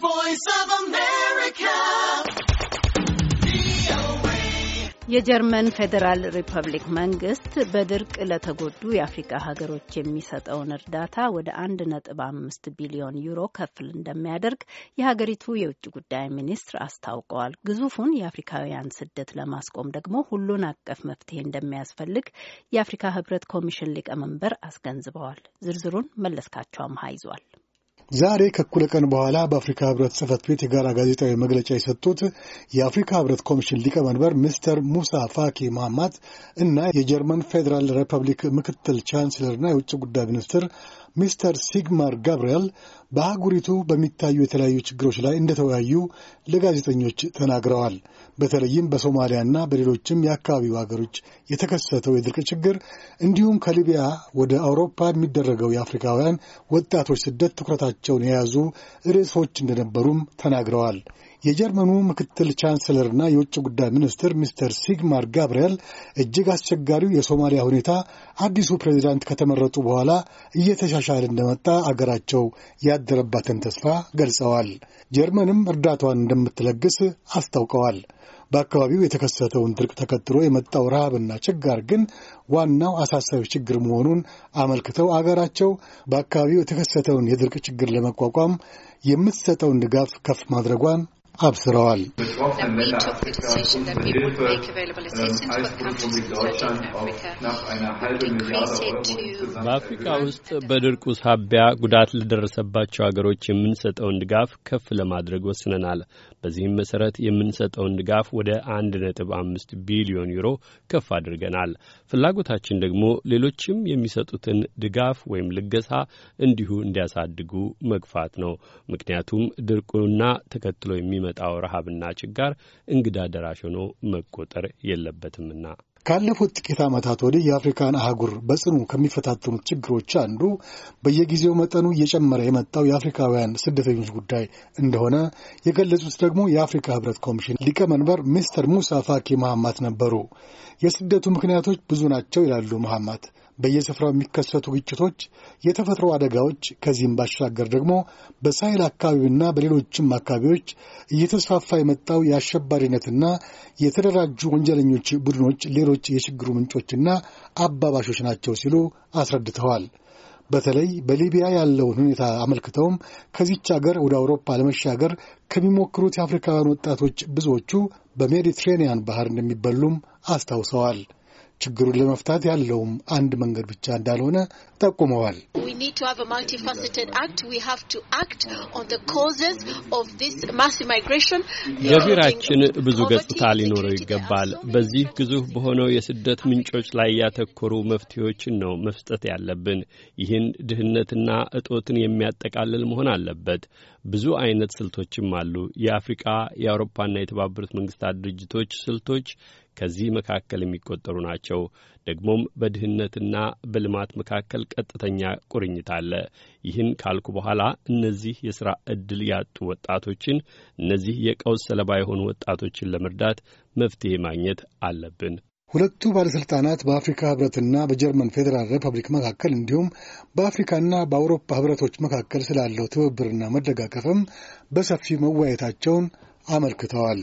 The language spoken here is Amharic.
voice of America. የጀርመን ፌዴራል ሪፐብሊክ መንግስት በድርቅ ለተጎዱ የአፍሪካ ሀገሮች የሚሰጠውን እርዳታ ወደ አንድ ነጥብ አምስት ቢሊዮን ዩሮ ከፍል እንደሚያደርግ የሀገሪቱ የውጭ ጉዳይ ሚኒስትር አስታውቀዋል። ግዙፉን የአፍሪካውያን ስደት ለማስቆም ደግሞ ሁሉን አቀፍ መፍትሄ እንደሚያስፈልግ የአፍሪካ ህብረት ኮሚሽን ሊቀመንበር አስገንዝበዋል። ዝርዝሩን መለስካቸው አምሃ ይዟል። ዛሬ ከእኩለ ቀን በኋላ በአፍሪካ ህብረት ጽህፈት ቤት የጋራ ጋዜጣዊ መግለጫ የሰጡት የአፍሪካ ህብረት ኮሚሽን ሊቀመንበር ሚስተር ሙሳ ፋኪ ማማት እና የጀርመን ፌዴራል ሪፐብሊክ ምክትል ቻንስለርና የውጭ ጉዳይ ሚኒስትር ሚስተር ሲግማር ጋብርኤል በአህጉሪቱ በሚታዩ የተለያዩ ችግሮች ላይ እንደተወያዩ ለጋዜጠኞች ተናግረዋል። በተለይም በሶማሊያና በሌሎችም የአካባቢው ሀገሮች የተከሰተው የድርቅ ችግር እንዲሁም ከሊቢያ ወደ አውሮፓ የሚደረገው የአፍሪካውያን ወጣቶች ስደት ትኩረታቸውን የያዙ ርዕሶች እንደነበሩም ተናግረዋል። የጀርመኑ ምክትል ቻንስለርና የውጭ ጉዳይ ሚኒስትር ሚስተር ሲግማር ጋብርኤል እጅግ አስቸጋሪው የሶማሊያ ሁኔታ አዲሱ ፕሬዚዳንት ከተመረጡ በኋላ እየተሻሻለ እንደመጣ አገራቸው ያደረባትን ተስፋ ገልጸዋል። ጀርመንም እርዳታዋን እንደምትለግስ አስታውቀዋል። በአካባቢው የተከሰተውን ድርቅ ተከትሎ የመጣው ረሃብና ችጋር ግን ዋናው አሳሳቢ ችግር መሆኑን አመልክተው አገራቸው በአካባቢው የተከሰተውን የድርቅ ችግር ለመቋቋም የምትሰጠውን ድጋፍ ከፍ ማድረጓን አብስረዋል። በአፍሪካ ውስጥ በድርቁ ሳቢያ ጉዳት ለደረሰባቸው ሀገሮች የምንሰጠውን ድጋፍ ከፍ ለማድረግ ወስነናል። በዚህም መሰረት የምንሰጠውን ድጋፍ ወደ አንድ ነጥብ አምስት ቢሊዮን ዩሮ ከፍ አድርገናል። ፍላጎታችን ደግሞ ሌሎችም የሚሰጡትን ድጋፍ ወይም ልገሳ እንዲሁ እንዲያሳድጉ መግፋት ነው። ምክንያቱም ድርቁና ተከትሎ የሚ ለሚመጣው ረሃብና ችጋር እንግዳ ደራሽ ሆኖ መቆጠር የለበትምና። ካለፉት ጥቂት ዓመታት ወዲህ የአፍሪካን አህጉር በጽኑ ከሚፈታተኑት ችግሮች አንዱ በየጊዜው መጠኑ እየጨመረ የመጣው የአፍሪካውያን ስደተኞች ጉዳይ እንደሆነ የገለጹት ደግሞ የአፍሪካ ሕብረት ኮሚሽን ሊቀመንበር ሚስተር ሙሳ ፋኪ መሐማት ነበሩ። የስደቱ ምክንያቶች ብዙ ናቸው ይላሉ መሐማት። በየስፍራው የሚከሰቱ ግጭቶች፣ የተፈጥሮ አደጋዎች ከዚህም ባሻገር ደግሞ በሳይል አካባቢና በሌሎችም አካባቢዎች እየተስፋፋ የመጣው የአሸባሪነትና የተደራጁ ወንጀለኞች ቡድኖች ሌሎች የችግሩ ምንጮችና አባባሾች ናቸው ሲሉ አስረድተዋል። በተለይ በሊቢያ ያለውን ሁኔታ አመልክተውም ከዚች አገር ወደ አውሮፓ ለመሻገር ከሚሞክሩት የአፍሪካውያን ወጣቶች ብዙዎቹ በሜዲትሬንያን ባህር እንደሚበሉም አስታውሰዋል። ችግሩን ለመፍታት ያለውም አንድ መንገድ ብቻ እንዳልሆነ ጠቁመዋል። የብሔራችን ብዙ ገጽታ ሊኖረው ይገባል። በዚህ ግዙፍ በሆነው የስደት ምንጮች ላይ ያተኮሩ መፍትሄዎችን ነው መስጠት ያለብን። ይህን ድህነትና እጦትን የሚያጠቃልል መሆን አለበት። ብዙ አይነት ስልቶችም አሉ። የአፍሪቃ የአውሮፓና የተባበሩት መንግስታት ድርጅቶች ስልቶች ከዚህ መካከል የሚቆጠሩ ናቸው። ደግሞም በድህነትና በልማት መካከል ቀጥተኛ ቁርኝት አለ። ይህን ካልኩ በኋላ እነዚህ የሥራ ዕድል ያጡ ወጣቶችን እነዚህ የቀውስ ሰለባ የሆኑ ወጣቶችን ለመርዳት መፍትሄ ማግኘት አለብን። ሁለቱ ባለሥልጣናት በአፍሪካ ህብረትና በጀርመን ፌዴራል ሪፐብሊክ መካከል እንዲሁም በአፍሪካና በአውሮፓ ህብረቶች መካከል ስላለው ትብብርና መደጋገፍም በሰፊ መወያየታቸውን አመልክተዋል።